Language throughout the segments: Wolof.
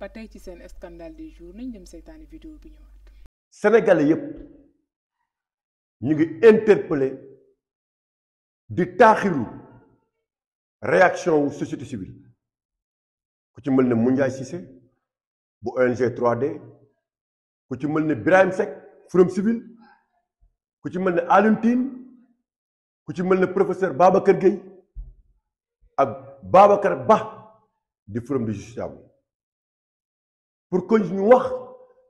ba tey ci seen scandale du jour nañ dem seetaani vidéo bi ñëwaat. Sénégalais yëpp ñu ngi interpole di taaxiru réaction wu société civile ku ci mel ne Moundiaye Cissé bu ONG 3D ku ci mël ne Birahim Seck Forum Civil ku ci mël ne Alioune ku ci mël ne professeur kër Gueye. ak Babacar Ba di forum du justiciable pour que ñu wax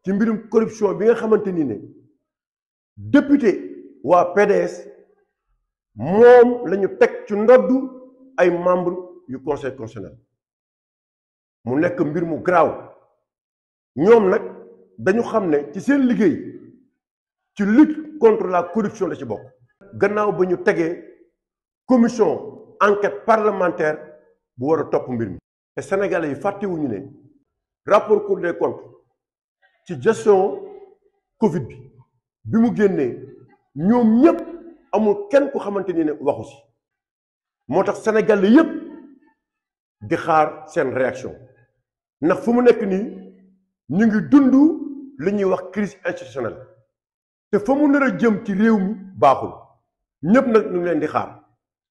ci mbirum corruption bi nga xamante ni ne député waa PDS moom lañu teg ci ndoddu ay membre yu conseil constitutionnel mu nekk mbir mu garaaw ñoom nag dañu xam ne ci seen liggéey ci lutte contre la corruption la ci bokk gannaaw ba ñu tegee commission enquête parlementaire bu war a topp mbir mi te sénégalais yi fàttewuñu ne rapport cour des comptes ci gestion covid bi bi mu génnee ñoom ñëpp amul kenn ku xamante ni ne waxu si moo tax sénégalais yëpp di xaar seen réaction ndax fu mu nekk nii ñu ngi dund li ñuy wax crise institutionnelle te fa mu nar a jëm ci réew mi baaxul ñëpp nag ñu leen di xaar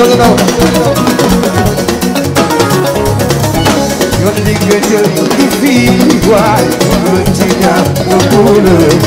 no, no, no. Yon li ke te li ki fi waj, mwen ti nyan mwen pou le.